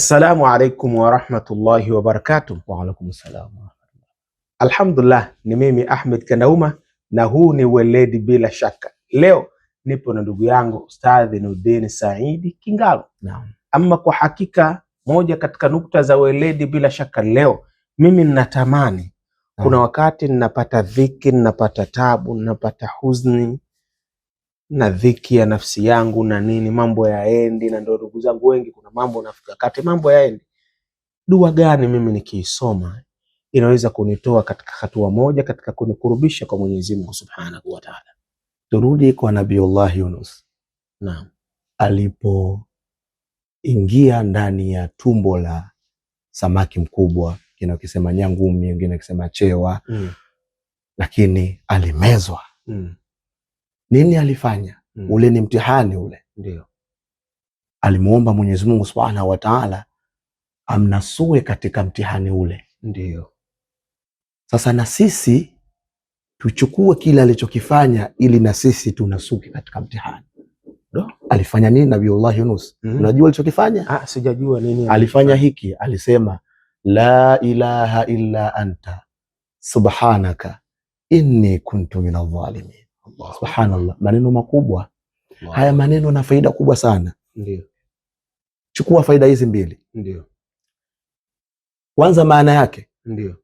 Assalamu alaikum warahmatullahi wabarakatuh. Wa alaikum salam. Alhamdulillah, ni mimi Ahmed kandauma na huu ni Weledi Bila Shaka. Leo nipo na ndugu yangu Ustadhi Nurdin Saidi Kingalo. Naam. Ama kwa hakika moja katika nukta za Weledi Bila Shaka leo mimi ninatamani, kuna wakati ninapata dhiki, ninapata tabu, ninapata huzni na dhiki ya nafsi yangu na nini, mambo yaendi. Na ndio ndugu zangu wengi, kuna mambo nafika kati, mambo yaendi. Dua gani mimi nikiisoma inaweza kunitoa katika hatua moja katika kunikurubisha kwa Mwenyezi Mungu Subhanahu wa Ta'ala? Turudi kwa Nabiullah Yunus. Naam, alipoingia ndani ya tumbo la samaki mkubwa, wengine wakisema nyangumi, wengine wakisema chewa mm. lakini alimezwa mm nini alifanya? mm. ule ni mtihani ule, ndio alimuomba Mwenyezi Mungu Subhanahu wa Ta'ala amnasue katika mtihani ule. Ndio sasa na sisi tuchukue kile alichokifanya, ili na sisi tunasuke katika mtihani. Ndio. Alifanya nini Nabiullah Yunus? mm Unajua alichokifanya? Ah, sijajua nini alifanya hiki. Alisema la ilaha illa anta subhanaka inni kuntu minadh dhalimin Allah. Subhanallah, maneno makubwa Allah. Haya maneno na faida kubwa sana. Ndiyo. Chukua faida hizi mbili. Ndiyo. Kwanza maana yake. Ndiyo.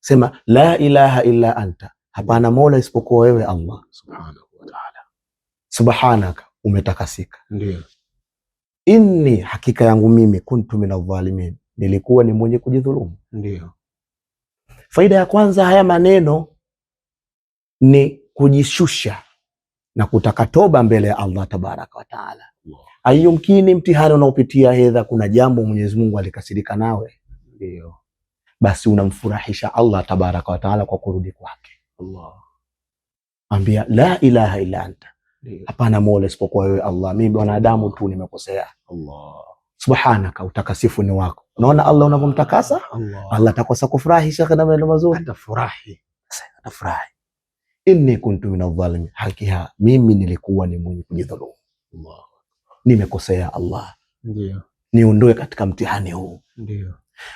Sema la ilaha illa anta, hapana mola isipokuwa wewe Allah subhanahu wa ta'ala. Subhanaka, umetakasika. Ndiyo. Inni, hakika yangu mimi, kuntu minadh-dhalimin, nilikuwa ni mwenye kujidhulumu. Ndiyo. Faida ya kwanza, haya maneno ni kujishusha na kutaka toba mbele ya Allah tabaraka wa taala. Ayumkini mtihani unaopitia hedha, kuna jambo Mwenyezi Mungu alikasirika nawe, ndio basi unamfurahisha Allah tabaraka wa taala kwa kurudi kwake. Allah Ambia la ilaha illa anta, hapana mola isipokuwa wewe Allah, mimi mwanadamu tu nimekosea. Allah subhanaka, utakasifu ni wako. Unaona Allah unavyomtakasa Allah, Allah atakosa kufurahi shekhe na maneno mazuri, atafurahi atafurahi inni kuntu minadhalimin, hakika mimi nilikuwa ni mwenye kujidhulumu, nimekosea. Allah, ndio niondoe katika mtihani huu. Ndio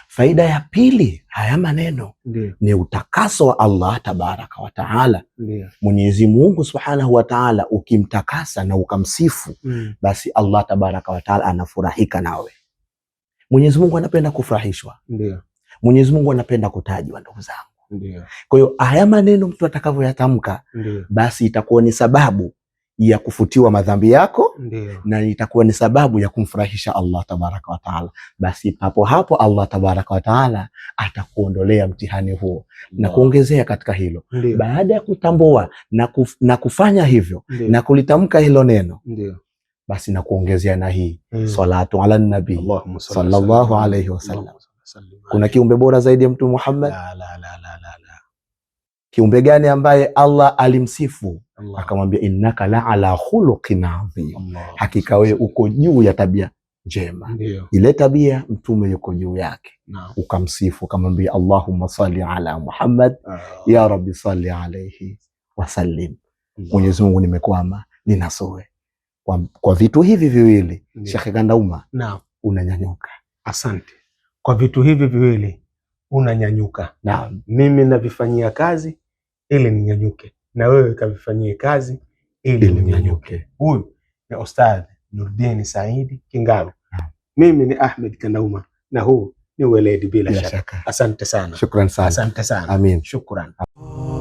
faida ya pili, haya maneno ni utakaso wa Allah tabaraka wa taala. Mwenyezi Mungu subhanahu wa taala, ukimtakasa na ukamsifu mm. basi Allah tabaraka wa taala anafurahika nawe. Mwenyezi Mungu anapenda kufurahishwa, Mwenyezi Mungu anapenda kutajwa, ndugu zangu kwa hiyo haya maneno mtu atakavyoyatamka basi itakuwa ni sababu ya kufutiwa madhambi yako Ndiyo. na itakuwa ni sababu ya kumfurahisha Allah tabaraka taala, Basi papo hapo Allah tabaraka wataala atakuondolea mtihani huo Ndiyo. na kuongezea katika hilo Ndiyo. baada ya kutambua na, kuf, na kufanya hivyo Ndiyo. na kulitamka hilo neno Ndiyo. basi na kuongezea na hii mm. salatu ala nabi sallallahu alayhi wasallam. Kuna kiumbe bora zaidi ya mtu Muhammad la, la, la, la. Kiumbe gani ambaye Allah alimsifu akamwambia, innaka la ala khuluqin adhim, hakika wewe uko juu ya tabia njema. Ile tabia mtume yuko juu yake ukamsifu ukamwambia, Allahumma salli ala Muhammad Allah. ya rabbi salli alayhi wa sallim, Mwenyezi Mungu, nimekwama ninasowe kwa, kwa vitu hivi viwili Shekhe Kandauma unanyanyuka. Asante. Kwa vitu hivi viwili unanyanyuka. Naam. Mimi navifanyia kazi ili ninyanyuke, na wewe kavifanyie kazi ili ninyanyuke. Huyu ni Ustadh Nurdin Saidi Kingalu, mimi ni Ahmed Kandauma, na huu ni Weledi Bila Shaka. Asante sana, shukran sana, asante sana, amin, shukran.